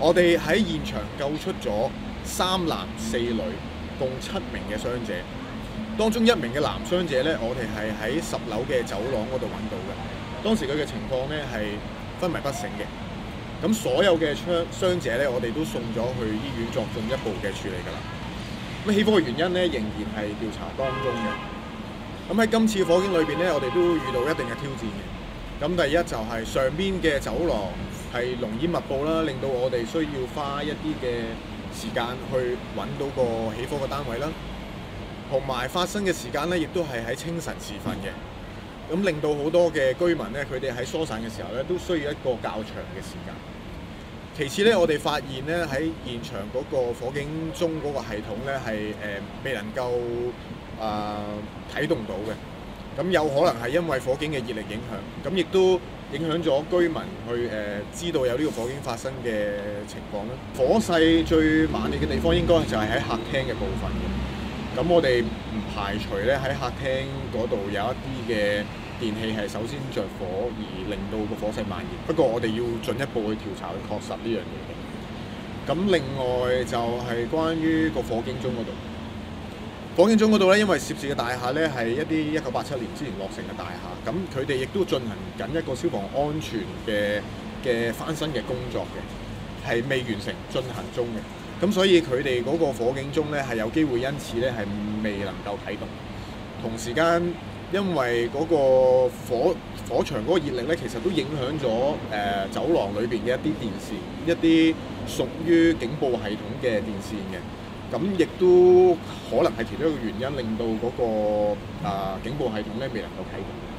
我哋喺現場救出咗三男四女，共七名嘅傷者。當中一名嘅男傷者咧，我哋係喺十樓嘅走廊嗰度搵到嘅。當時佢嘅情況咧，係昏迷不醒嘅。咁所有嘅傷傷者咧，我哋都送咗去醫院作進一步嘅處理㗎啦。咁起火嘅原因咧，仍然係調查當中嘅。咁喺今次火警裏邊咧，我哋都遇到一定嘅挑戰嘅。咁第一就係上邊嘅走廊。係濃煙密佈啦，令到我哋需要花一啲嘅時間去揾到個起火嘅單位啦。同埋發生嘅時間呢，亦都係喺清晨時分嘅，咁令到好多嘅居民呢，佢哋喺疏散嘅時候呢，都需要一個較長嘅時間。其次呢，我哋發現呢，喺現場嗰個火警鐘，嗰個系統呢，係誒、呃、未能夠啊啟動到嘅。咁有可能係因為火警嘅熱力影響，咁亦都影響咗居民去、呃、知道有呢個火警發生嘅情況啦。火勢最猛烈嘅地方應該就係喺客廳嘅部分。咁我哋唔排除呢喺客廳嗰度有一啲嘅電器係首先着火而令到個火勢蔓延。不過我哋要進一步去調查去確實呢樣嘢。咁另外就係關於個火警鐘嗰度。火警鐘嗰度咧，因為涉事嘅大廈咧係一啲一九八七年之前落成嘅大廈，咁佢哋亦都進行緊一個消防安全嘅嘅翻新嘅工作嘅，係未完成進行中嘅，咁所以佢哋嗰個火警鐘咧係有機會因此咧係未能夠啟動。同時間，因為嗰個火火場嗰個熱力咧，其實都影響咗誒走廊裏邊嘅一啲電線，一啲屬於警報系統嘅電線嘅。咁亦都可能係其中一個原因，令到嗰、那個啊警報系統咧未能夠啟動。